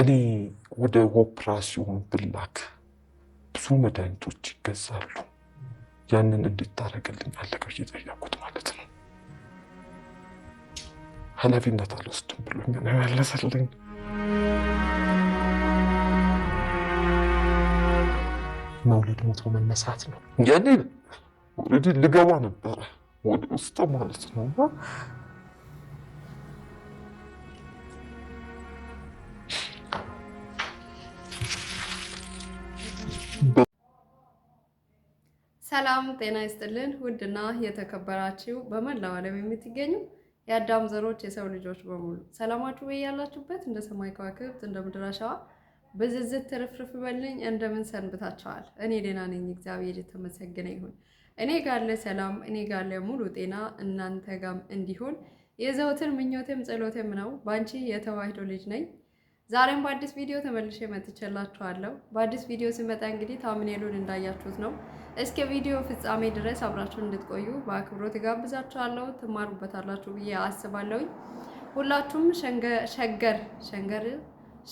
እኔ ወደ ኦፕራሲዮን ብላክ ብዙ መድኃኒቶች ይገዛሉ። ያንን እንድታረግልኝ አለቀው እየጠየኩት ማለት ነው። ኃላፊነት አልወስድም ብሎኝ ነው ያለሰልኝ። መውለድ ሞቶ መነሳት ነው። ያኔ ልገባ ነበረ ወደ ውስጥ ማለት ነው። ሰላም ጤና ይስጥልን። ውድና የተከበራችሁ በመላው ዓለም የምትገኙ የአዳም ዘሮች የሰው ልጆች በሙሉ ሰላማችሁ ወይ ያላችሁበት እንደ ሰማይ ከዋክብት እንደ ምድር አሸዋ ብዝዝት ትርፍርፍ በልኝ። እንደምን ሰንብታችኋል? እኔ ደህና ነኝ፣ እግዚአብሔር የተመሰገነ ይሁን። እኔ ጋለ ሰላም፣ እኔ ጋለ ሙሉ ጤና እናንተ ጋም እንዲሆን የዘውትን ምኞቴም ጸሎቴም ነው። ባንቺ የተዋህዶ ልጅ ነኝ ዛሬም በአዲስ ቪዲዮ ተመልሼ መጥቼላችኋለሁ። በአዲስ ቪዲዮ ስመጣ እንግዲህ ታምኔሉን እንዳያችሁት ነው። እስከ ቪዲዮ ፍጻሜ ድረስ አብራችሁን እንድትቆዩ በአክብሮት ጋብዛችኋለሁ። ትማሩበታላችሁ ብዬ አስባለሁኝ። ሁላችሁም ሸገር ሸገር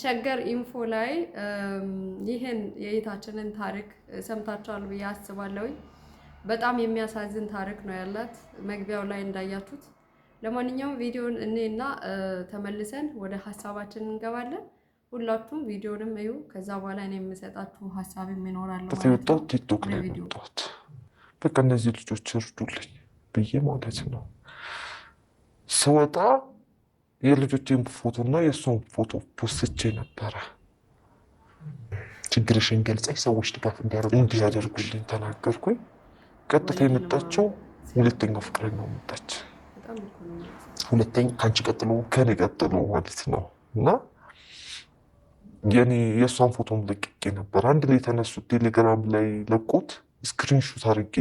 ሸገር ኢንፎ ላይ ይህን የእይታችንን ታሪክ ሰምታችኋል ብዬ አስባለሁኝ። በጣም የሚያሳዝን ታሪክ ነው ያላት። መግቢያው ላይ እንዳያችሁት ለማንኛውም ቪዲዮን እኔና ተመልሰን ወደ ሀሳባችን እንገባለን። ሁላችሁም ቪዲዮንም እዩ። ከዛ በኋላ እኔ የምሰጣችሁ ሀሳብ ይኖራል። በተመጣው ቲክቶክ ላይ መጣት በቃ እነዚህ ልጆች እርዱልኝ ብዬ ማለት ነው። ስወጣ የልጆቼን ፎቶ እና የእሱን ፎቶ ፖስቼ ነበረ። ችግርሽን ገልጸኝ ሰዎች ድጋፍ እንዲያደርጉ እንዲያደርጉልኝ ተናገርኩኝ። ቀጥታ የመጣቸው ሁለተኛው ፍቅረኛው መጣች። ሁለተኛ ከአንቺ ቀጥሎ ከኔ ቀጥሎ ማለት ነው እና የኔ የእሷን ፎቶም ለቅቄ ነበር። አንድ ላይ የተነሱት ቴሌግራም ላይ ለቁት ስክሪንሹት አድርጌ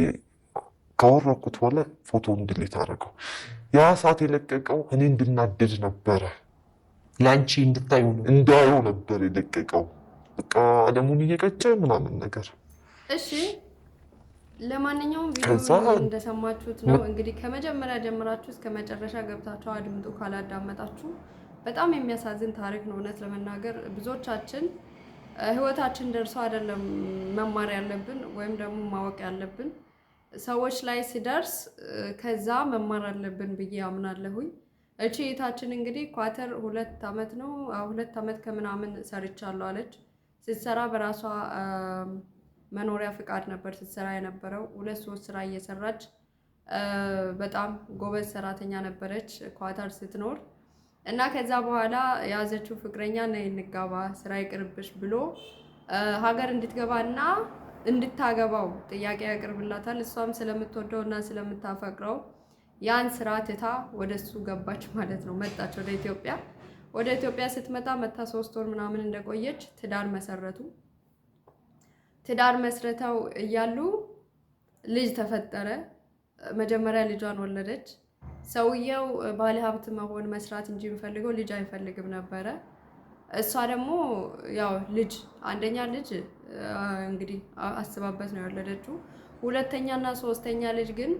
ካወራኩት በኋላ ፎቶ እንድሌት አደረገው። ያ ሰዓት የለቀቀው እኔ እንድናደድ ነበረ፣ ለአንቺ እንድታዩ እንዳየው ነበር የለቀቀው። በቃ አለሙን እየቀጨ ምናምን ነገር እሺ ለማንኛውም ቪዲዮ እንደሰማችሁት ነው እንግዲህ ከመጀመሪያ ጀምራችሁ እስከ መጨረሻ ገብታችሁ አድምጡ። ካላዳመጣችሁ በጣም የሚያሳዝን ታሪክ ነው። እውነት ለመናገር ብዙዎቻችን ህይወታችን ደርሶ አይደለም መማር ያለብን ወይም ደግሞ ማወቅ ያለብን ሰዎች ላይ ሲደርስ ከዛ መማር አለብን ብዬ አምናለሁኝ። እቺ እህታችን እንግዲህ ኳተር ሁለት ዓመት ነው ሁለት ዓመት ከምናምን ሰርቻለሁ አለች። ስትሰራ በራሷ መኖሪያ ፍቃድ ነበር ስትሰራ የነበረው። ሁለት ሶስት ስራ እየሰራች በጣም ጎበዝ ሰራተኛ ነበረች ኳታር ስትኖር እና ከዛ በኋላ የያዘችው ፍቅረኛ ነይ እንጋባ ስራ ይቅርብሽ ብሎ ሀገር እንድትገባ እና እንድታገባው ጥያቄ ያቅርብላታል። እሷም ስለምትወደው እና ስለምታፈቅረው ያን ስራ ትታ ወደ እሱ ገባች ማለት ነው። መጣች ወደ ኢትዮጵያ። ወደ ኢትዮጵያ ስትመጣ መታ ሶስት ወር ምናምን እንደቆየች ትዳር መሰረቱ። ትዳር መስረተው እያሉ ልጅ ተፈጠረ። መጀመሪያ ልጇን ወለደች። ሰውየው ባለ ሀብት መሆን መስራት እንጂ የሚፈልገው ልጅ አይፈልግም ነበረ። እሷ ደግሞ ያው ልጅ አንደኛ ልጅ እንግዲህ አስባበት ነው የወለደችው። ሁለተኛ እና ሶስተኛ ልጅ ግን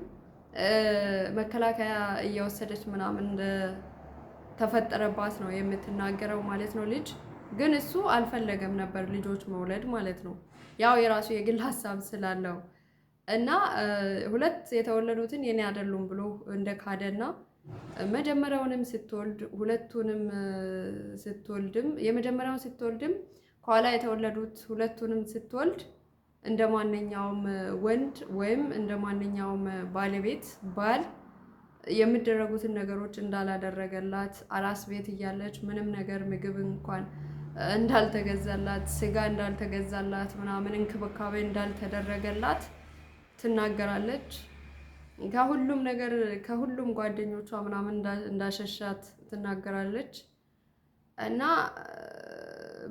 መከላከያ እየወሰደች ምናምን እንደተፈጠረባት ነው የምትናገረው ማለት ነው ልጅ ግን እሱ አልፈለገም ነበር ልጆች መውለድ ማለት ነው። ያው የራሱ የግል ሀሳብ ስላለው እና ሁለት የተወለዱትን የኔ አይደሉም ብሎ እንደ ካደና መጀመሪያውንም ስትወልድ ሁለቱንም ስትወልድም የመጀመሪያውን ስትወልድም ከኋላ የተወለዱት ሁለቱንም ስትወልድ እንደ ማንኛውም ወንድ ወይም እንደ ማንኛውም ባለቤት ባል የሚደረጉትን ነገሮች እንዳላደረገላት አራስ ቤት እያለች ምንም ነገር ምግብ እንኳን እንዳልተገዛላት ስጋ እንዳልተገዛላት ምናምን እንክብካቤ እንዳልተደረገላት ትናገራለች። ከሁሉም ነገር ከሁሉም ጓደኞቿ ምናምን እንዳሸሻት ትናገራለች። እና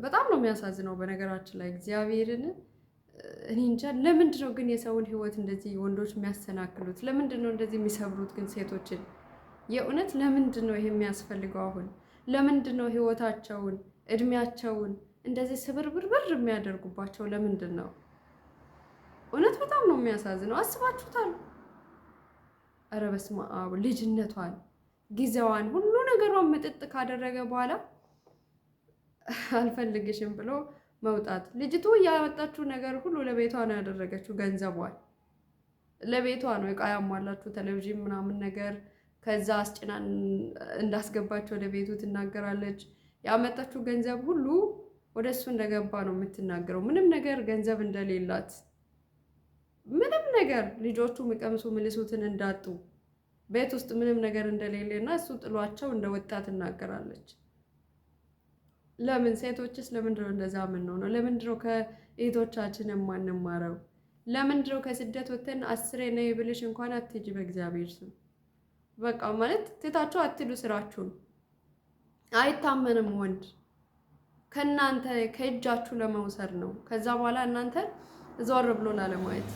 በጣም ነው የሚያሳዝነው። በነገራችን ላይ እግዚአብሔርን እኔ እንጃ ለምንድን ነው ግን የሰውን ህይወት እንደዚህ ወንዶች የሚያሰናክሉት? ለምንድን ነው እንደዚህ የሚሰብሩት ግን ሴቶችን? የእውነት ለምንድን ነው ይሄ የሚያስፈልገው? አሁን ለምንድን ነው ህይወታቸውን? እድሜያቸውን እንደዚህ ስብርብርብር የሚያደርጉባቸው ለምንድን ነው? እውነት በጣም ነው የሚያሳዝነው። አስባችሁታል? ኧረ በስመ አብ ልጅነቷን፣ ጊዜዋን፣ ሁሉ ነገሯን ምጥጥ ካደረገ በኋላ አልፈልግሽም ብሎ መውጣት። ልጅቱ ያመጣችው ነገር ሁሉ ለቤቷ ነው ያደረገችው። ገንዘቧን ለቤቷ ነው ዕቃ ያሟላችሁ ቴሌቪዥን ምናምን ነገር ከዛ አስጭና እንዳስገባቸው ወደ ቤቱ ትናገራለች። ያመጣችው ገንዘብ ሁሉ ወደ እሱ እንደገባ ነው የምትናገረው። ምንም ነገር ገንዘብ እንደሌላት፣ ምንም ነገር ልጆቹ የሚቀምሱ ምልሱትን እንዳጡ፣ ቤት ውስጥ ምንም ነገር እንደሌለ እና እሱ ጥሏቸው እንደወጣ ትናገራለች። ለምን ሴቶችስ ለምንድነው እንደዛ ነው ለምንድነው ከእህቶቻችን የማንማረው? ለምንድነው ከስደት ወተን አስሬ ነይ ብልሽ እንኳን አትሄጂ? በእግዚአብሔር ስም በቃ ማለት ትታቸው አትሉ ስራችሁን አይታመንም ወንድ ከእናንተ ከእጃችሁ ለመውሰድ ነው። ከዛ በኋላ እናንተ ዘወር ብሎ ላለማየት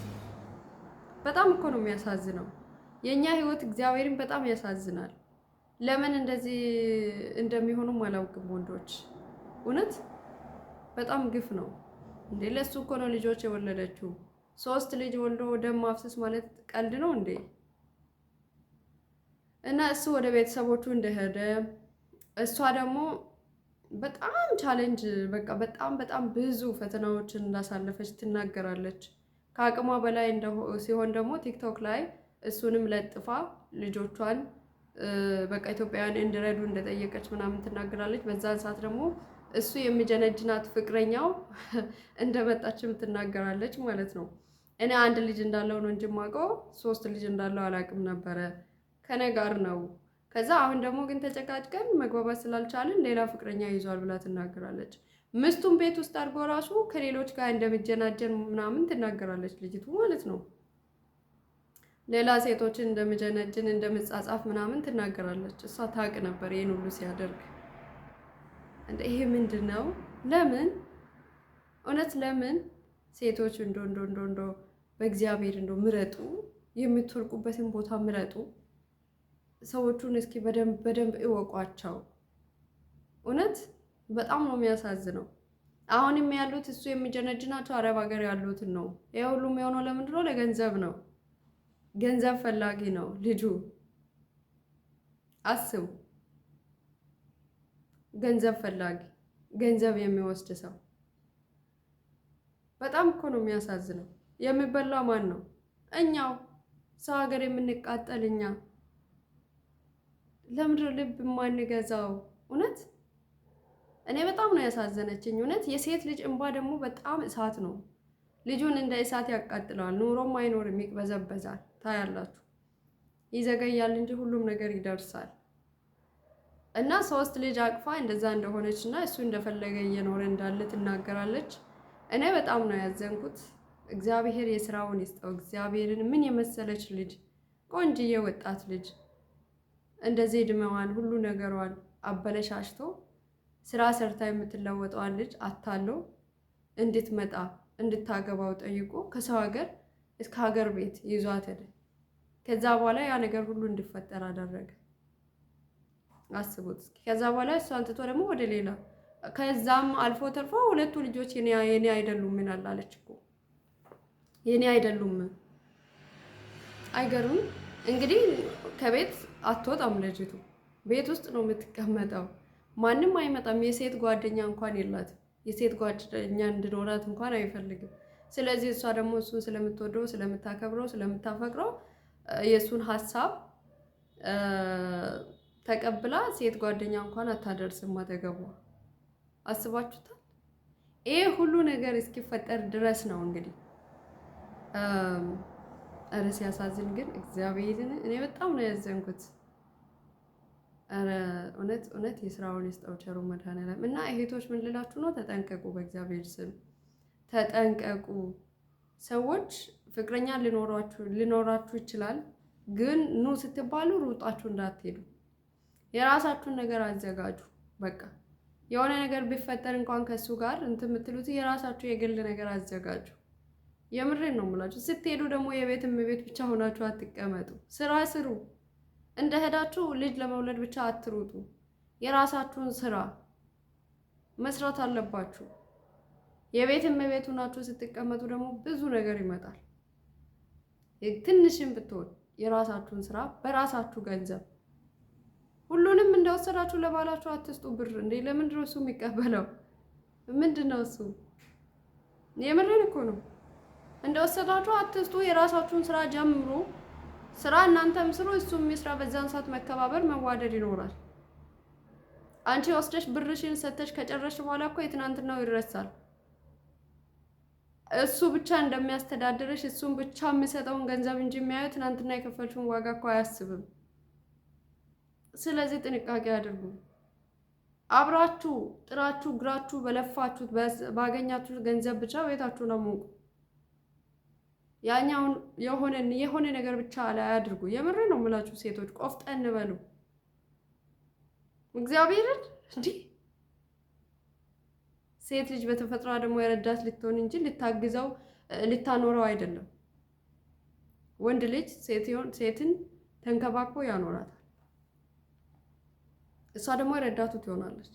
በጣም እኮ ነው የሚያሳዝነው። የእኛ ህይወት እግዚአብሔርን በጣም ያሳዝናል። ለምን እንደዚህ እንደሚሆኑም አላውቅም። ወንዶች እውነት በጣም ግፍ ነው እንዴ! ለሱ እኮ ነው ልጆች የወለደችው። ሶስት ልጅ ወልዶ ደም ማፍሰስ ማለት ቀልድ ነው እንዴ? እና እሱ ወደ ቤተሰቦቹ እንደሄደ እሷ ደግሞ በጣም ቻሌንጅ በቃ በጣም በጣም ብዙ ፈተናዎችን እንዳሳለፈች ትናገራለች። ከአቅሟ በላይ ሲሆን ደግሞ ቲክቶክ ላይ እሱንም ለጥፋ ልጆቿን በቃ ኢትዮጵያውያን እንዲረዱ እንደጠየቀች ምናምን ትናገራለች። በዛን ሰዓት ደግሞ እሱ የሚጀነጅናት ፍቅረኛው እንደመጣችም ትናገራለች ማለት ነው። እኔ አንድ ልጅ እንዳለው ነው እንጂ የማውቀው ሶስት ልጅ እንዳለው አላውቅም ነበረ። ከነ ጋር ነው ከዛ አሁን ደግሞ ግን ተጨቃጭቀን መግባባት ስላልቻልን ሌላ ፍቅረኛ ይዟል ብላ ትናገራለች። ምስቱን ቤት ውስጥ አድርጎ ራሱ ከሌሎች ጋር እንደምጀናጀን ምናምን ትናገራለች ልጅቱ ማለት ነው። ሌላ ሴቶችን እንደምጀነጅን እንደምጻጻፍ ምናምን ትናገራለች። እሷ ታውቅ ነበር ይህን ሁሉ ሲያደርግ። ይሄ ምንድን ነው? ለምን እውነት ለምን ሴቶች እንዶ እንዶ እንዶ እንዶ በእግዚአብሔር እንዶ ምረጡ፣ የምትወልቁበትን ቦታ ምረጡ። ሰዎቹን እስኪ በደንብ በደንብ እወቋቸው። እውነት በጣም ነው የሚያሳዝነው። አሁንም ያሉት እሱ የሚጀነጅናቸው አረብ ሀገር ያሉትን ነው። ይሄ ሁሉም የሆነው ለምንድን ነው? ለገንዘብ ነው። ገንዘብ ፈላጊ ነው ልጁ። አስቡ፣ ገንዘብ ፈላጊ፣ ገንዘብ የሚወስድ ሰው። በጣም እኮ ነው የሚያሳዝነው። የሚበላው ማን ነው? እኛው ሰው ሀገር የምንቃጠል እኛ ለምድር ልብ የማንገዛው እውነት እኔ በጣም ነው ያሳዘነችኝ። እውነት የሴት ልጅ እንባ ደግሞ በጣም እሳት ነው። ልጁን እንደ እሳት ያቃጥለዋል። ኑሮም አይኖርም፣ ይቅበዘበዛል። ታያላችሁ። ይዘገያል እንጂ ሁሉም ነገር ይደርሳል። እና ሶስት ልጅ አቅፋ እንደዛ እንደሆነች እና እሱ እንደፈለገ እየኖረ እንዳለ ትናገራለች። እኔ በጣም ነው ያዘንኩት። እግዚአብሔር የስራውን ይስጠው። እግዚአብሔርን ምን የመሰለች ልጅ ቆንጅዬ ወጣት ልጅ እንደዚህ እድሜዋን ሁሉ ነገሯን አበለሻሽቶ ስራ ሰርታ የምትለወጠዋን ልጅ አታሎ እንድትመጣ እንድታገባው ጠይቆ ከሰው ሀገር እስከ ሀገር ቤት ይዟት ሄደ። ከዛ በኋላ ያ ነገር ሁሉ እንዲፈጠር አደረገ። አስቡት። ከዛ በኋላ እሱ አንትቶ ደግሞ ወደ ሌላ ከዛም አልፎ ተርፎ ሁለቱ ልጆች የኔ አይደሉም ምን አላለች እኮ የኔ አይደሉም። አይገርም እንግዲህ ከቤት አትወጣም ልጅቱ ቤት ውስጥ ነው የምትቀመጠው። ማንም አይመጣም። የሴት ጓደኛ እንኳን የላትም። የሴት ጓደኛ እንድኖራት እንኳን አይፈልግም። ስለዚህ እሷ ደግሞ እሱን ስለምትወደው፣ ስለምታከብረው፣ ስለምታፈቅረው የእሱን ሀሳብ ተቀብላ ሴት ጓደኛ እንኳን አታደርስም አጠገቧ። አስባችሁታል? ይሄ ሁሉ ነገር እስኪፈጠር ድረስ ነው እንግዲህ እረ ሲያሳዝን ግን እግዚአብሔርን እኔ በጣም ነው ያዘንኩት። እረ እውነት እውነት የስራውን ይስጠው ቸሩ መድኃኔዓለም። እና እህቶች ምን ልላችሁ ነው? ተጠንቀቁ፣ በእግዚአብሔር ስም ተጠንቀቁ። ሰዎች ፍቅረኛ ሊኖራችሁ ሊኖራችሁ ይችላል፣ ግን ኑ ስትባሉ ሩጣችሁ እንዳትሄዱ። የራሳችሁን ነገር አዘጋጁ። በቃ የሆነ ነገር ቢፈጠር እንኳን ከሱ ጋር እንትን የምትሉት የራሳችሁ የግል ነገር አዘጋጁ። የምሬን ነው የምላችሁ። ስትሄዱ ደግሞ የቤት እመቤት ብቻ ሆናችሁ አትቀመጡ። ስራ ስሩ። እንደ ሄዳችሁ ልጅ ለመውለድ ብቻ አትሩጡ። የራሳችሁን ስራ መስራት አለባችሁ። የቤት እመቤት ሆናችሁ ስትቀመጡ ደግሞ ብዙ ነገር ይመጣል። ትንሽም ብትሆን የራሳችሁን ስራ በራሳችሁ ገንዘብ ሁሉንም እንደወሰዳችሁ ለባላችሁ አትስጡ ብር። እንዴ ለምንድነው እሱ የሚቀበለው? ምንድነው እሱ? የምሬን እኮ ነው። እንደወሰዳችሁ አትስጡ። የራሳችሁን ስራ ጀምሩ። ስራ እናንተም ስሩ፣ እሱም የስራ በዛን ሰዓት መከባበር፣ መዋደድ ይኖራል። አንቺ ወስደሽ ብርሽን ሰተሽ ከጨረሽ በኋላ እኮ የትናንትናው ይረሳል። እሱ ብቻ እንደሚያስተዳድርሽ እሱም ብቻ የሚሰጠውን ገንዘብ እንጂ የሚያዩ ትናንትና የከፈልሽውን ዋጋ እኮ አያስብም። ስለዚህ ጥንቃቄ አድርጉ። አብራችሁ ጥራችሁ ግራችሁ በለፋችሁት ባገኛችሁት ገንዘብ ብቻ ቤታችሁን አሞቁ። ያኛውን የሆነን የሆነ ነገር ብቻ ላይ አድርጉ። የምር ነው የምላችሁ ሴቶች ቆፍጠን በሉ። እግዚአብሔርን እንዲህ ሴት ልጅ በተፈጥሯ ደግሞ የረዳት ልትሆን እንጂ ልታግዘው ልታኖረው አይደለም። ወንድ ልጅ ሴትን ተንከባክቦ ያኖራታል። እሷ ደግሞ የረዳቱ ትሆናለች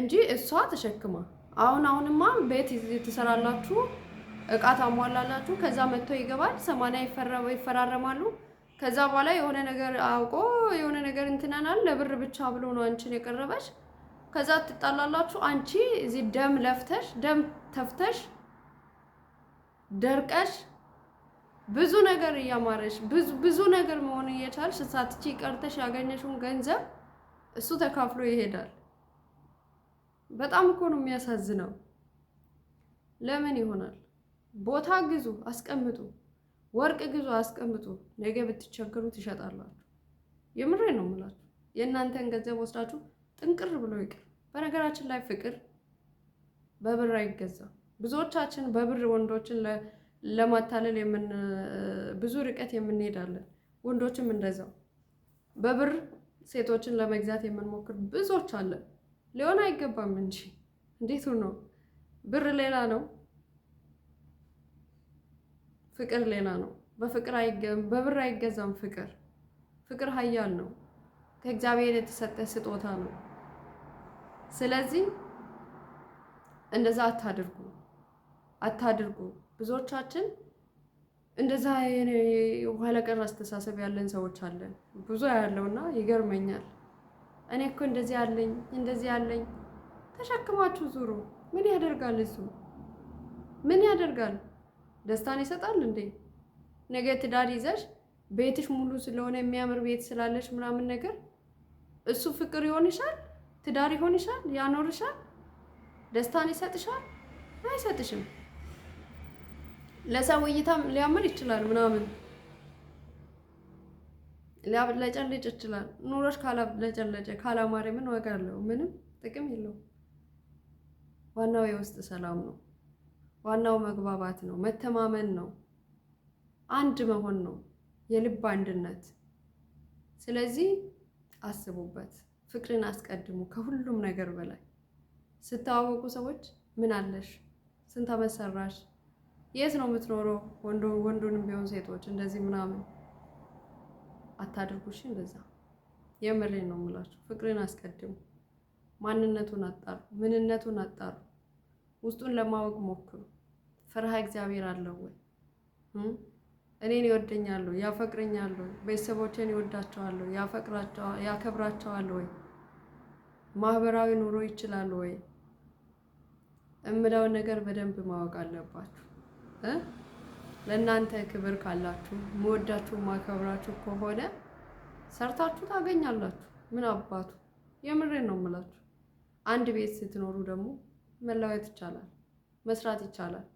እንጂ እሷ ተሸክማ አሁን አሁንማ ቤት ትሰራላችሁ እቃ ታሟላላችሁ፣ ከዛ መጥቶ ይገባል፣ ሰማንያ ይፈራረማሉ። ከዛ በኋላ የሆነ ነገር አውቆ የሆነ ነገር እንትናናል ለብር ብቻ ብሎ ነው አንቺን የቀረበች። ከዛ ትጣላላችሁ። አንቺ እዚህ ደም ለፍተሽ ደም ተፍተሽ ደርቀሽ ብዙ ነገር እያማረሽ ብዙ ነገር መሆን እየቻልሽ ሳትቺ ቀርተሽ ያገኘሽውን ገንዘብ እሱ ተካፍሎ ይሄዳል። በጣም እኮ ነው የሚያሳዝነው። ለምን ይሆናል? ቦታ ግዙ አስቀምጡ፣ ወርቅ ግዙ አስቀምጡ። ነገ ብትቸገሩ ትሸጣላችሁ። የምሬ ነው የምላችሁ። የእናንተን ገንዘብ ወስዳችሁ ጥንቅር ብሎ ይቅር። በነገራችን ላይ ፍቅር በብር አይገዛም። ብዙዎቻችን በብር ወንዶችን ለማታለል ብዙ ርቀት የምንሄዳለን። ወንዶችም እንደዛው በብር ሴቶችን ለመግዛት የምንሞክር ብዙዎች አለን። ሊሆን አይገባም እንጂ እንዴት ነው ብር ሌላ ነው። ፍቅር ሌላ ነው። በፍቅር በብር አይገዛም ፍቅር። ፍቅር ኃያል ነው። ከእግዚአብሔር የተሰጠ ስጦታ ነው። ስለዚህ እንደዛ አታድርጉ አታድርጉ። ብዙዎቻችን እንደዛ የኋላ ቀር አስተሳሰብ ያለን ሰዎች አለን። ብዙ ያለውና ይገርመኛል። እኔ እኮ እንደዚህ አለኝ እንደዚህ አለኝ። ተሸክማችሁ ዙሩ። ምን ያደርጋል? እሱ ምን ያደርጋል? ደስታን ይሰጣል እንዴ? ነገ ትዳር ይዘሽ ቤትሽ ሙሉ ስለሆነ የሚያምር ቤት ስላለሽ ምናምን ነገር እሱ ፍቅር ይሆንሻል፣ ትዳር ይሆንሻል፣ ያኖርሻል፣ ደስታን ይሰጥሻል? አይሰጥሽም። ለሰው እይታም ሊያምር ይችላል ምናምን ሊያብለጨልጭ ይችላል። ኑሮሽ ካላብለጨለጨ ካላማረ ምን ዋጋ አለው? ምንም ጥቅም የለው? ዋናው የውስጥ ሰላም ነው። ዋናው መግባባት ነው፣ መተማመን ነው፣ አንድ መሆን ነው፣ የልብ አንድነት። ስለዚህ አስቡበት፣ ፍቅርን አስቀድሙ ከሁሉም ነገር በላይ። ስተዋወቁ ሰዎች ምን አለሽ፣ ስንት ዓመት ሰራሽ፣ የት ነው የምትኖረው፣ ወንዱንም ቢሆን ሴቶች እንደዚህ ምናምን አታድርጉሽ። እንደዛ የምሬ ነው የምላችሁ። ፍቅርን አስቀድሙ። ማንነቱን አጣሩ፣ ምንነቱን አጣሩ። ውስጡን ለማወቅ ሞክሩ። ፍርሃ እግዚአብሔር አለው ወይ? እኔን ይወደኛሉ፣ ያፈቅረኛሉ፣ ቤተሰቦቼን ይወዳቸዋሉ፣ ያከብራቸዋል ወይ? ማህበራዊ ኑሮ ይችላሉ ወይ? እምለውን ነገር በደንብ ማወቅ አለባችሁ። ለእናንተ ክብር ካላችሁ ምወዳችሁ ማከብራችሁ ከሆነ ሰርታችሁ ታገኛላችሁ። ምን አባቱ የምሬን ነው የምላችሁ። አንድ ቤት ስትኖሩ ደግሞ መለወጥ ይቻላል፣ መስራት ይቻላል።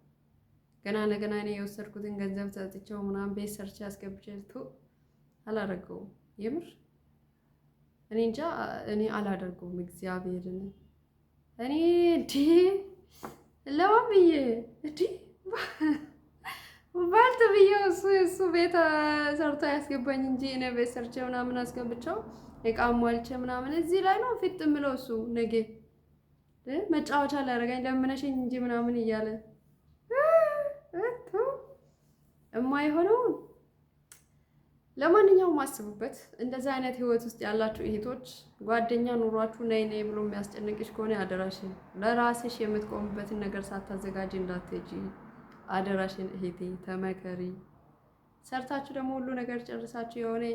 ገና ለገና እኔ የወሰድኩትን ገንዘብ ሰጥቼው ምናምን ቤት ሰርቼ አስገብቼ ቱ አላደረገውም። የምር እኔ እንጃ እኔ አላደርገውም። እግዚአብሔርን እኔ እንዲ ለማን ብዬ እንዲ ባልት ብዬ እሱ እሱ ቤት ሰርቶ ያስገባኝ እንጂ እኔ ቤት ሰርቼ ምናምን አስገብቼው እቃ ሟልቼ ምናምን እዚህ ላይ ነው ፊት ምለው እሱ ነገ መጫወቻ ላያደርገኝ ለምነሽኝ እንጂ ምናምን እያለ የማይሆነው ለማንኛውም አስቡበት። እንደዚህ አይነት ህይወት ውስጥ ያላችሁ እህቶች ጓደኛ ኑሯችሁ ነይ ነይ ብሎ የሚያስጨንቅሽ ከሆነ አደራሽን ለራስሽ የምትቆምበትን ነገር ሳታዘጋጅ እንዳትሄጂ አደራሽን እህቴ ተመከሪ። ሰርታችሁ ደግሞ ሁሉ ነገር ጨርሳችሁ የሆነ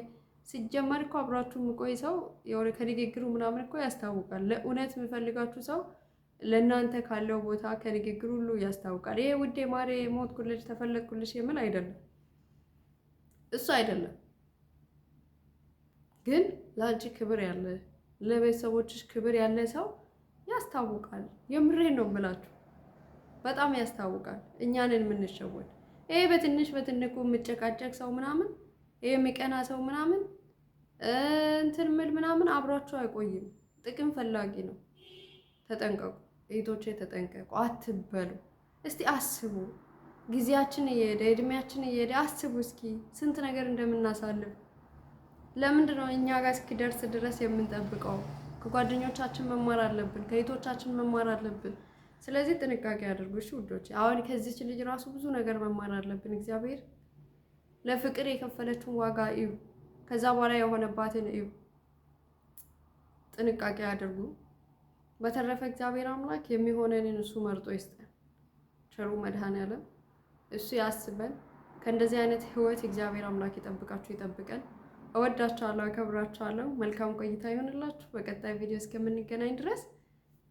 ሲጀመር እኮ አብራችሁ የምቆይ ሰው የሆነ ከንግግሩ ምናምን እኮ ያስታውቃል። ለእውነት የምፈልጋችሁ ሰው ለእናንተ ካለው ቦታ ከንግግር ሁሉ ያስታውቃል። ይሄ ውዴ ማሬ ሞትኩልሽ፣ ተፈለግኩልሽ የምል አይደለም፣ እሱ አይደለም። ግን ለአንቺ ክብር ያለ ለቤተሰቦችሽ ክብር ያለ ሰው ያስታውቃል። የምሬ ነው ምላችሁ፣ በጣም ያስታውቃል። እኛንን የምንሸወድ ይሄ በትንሽ በትንቁ የምጨቃጨቅ ሰው ምናምን፣ ይሄ የሚቀና ሰው ምናምን እንትን ምል ምናምን አብሯቸው አይቆይም። ጥቅም ፈላጊ ነው። ተጠንቀቁ። እህቶቼ ተጠንቀቁ፣ አትበሉ። እስቲ አስቡ፣ ጊዜያችን እየሄደ እድሜያችን እየሄደ አስቡ እስኪ ስንት ነገር እንደምናሳልፍ። ለምንድን ነው እኛ ጋር እስኪደርስ ድረስ የምንጠብቀው? ከጓደኞቻችን መማር አለብን፣ ከእህቶቻችን መማር አለብን። ስለዚህ ጥንቃቄ አድርጉ እሺ ውዶች። አሁን ከዚች ልጅ ራሱ ብዙ ነገር መማር አለብን። እግዚአብሔር ለፍቅር የከፈለችውን ዋጋ እዩ፣ ከዛ በኋላ የሆነባትን እዩ። ጥንቃቄ አድርጉ። በተረፈ እግዚአብሔር አምላክ የሚሆነንን እሱ መርጦ ይስጠን። ቸሩ መድኃኔዓለም እሱ ያስበን። ከእንደዚህ አይነት ህይወት እግዚአብሔር አምላክ ይጠብቃችሁ፣ ይጠብቀን። እወዳችኋለሁ፣ አከብራችኋለሁ። መልካም ቆይታ ይሆንላችሁ። በቀጣይ ቪዲዮ እስከምንገናኝ ድረስ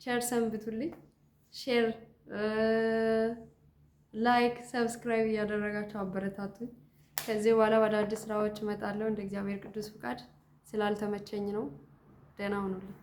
ቸር ሰንብቱልኝ። ሼር፣ ላይክ፣ ሰብስክራይብ እያደረጋችሁ አበረታቱኝ። ከዚህ በኋላ ወደ አዲስ ስራዎች እመጣለሁ። እንደ እግዚአብሔር ቅዱስ ፍቃድ ስላልተመቸኝ ነው። ደህና ሁኑልኝ።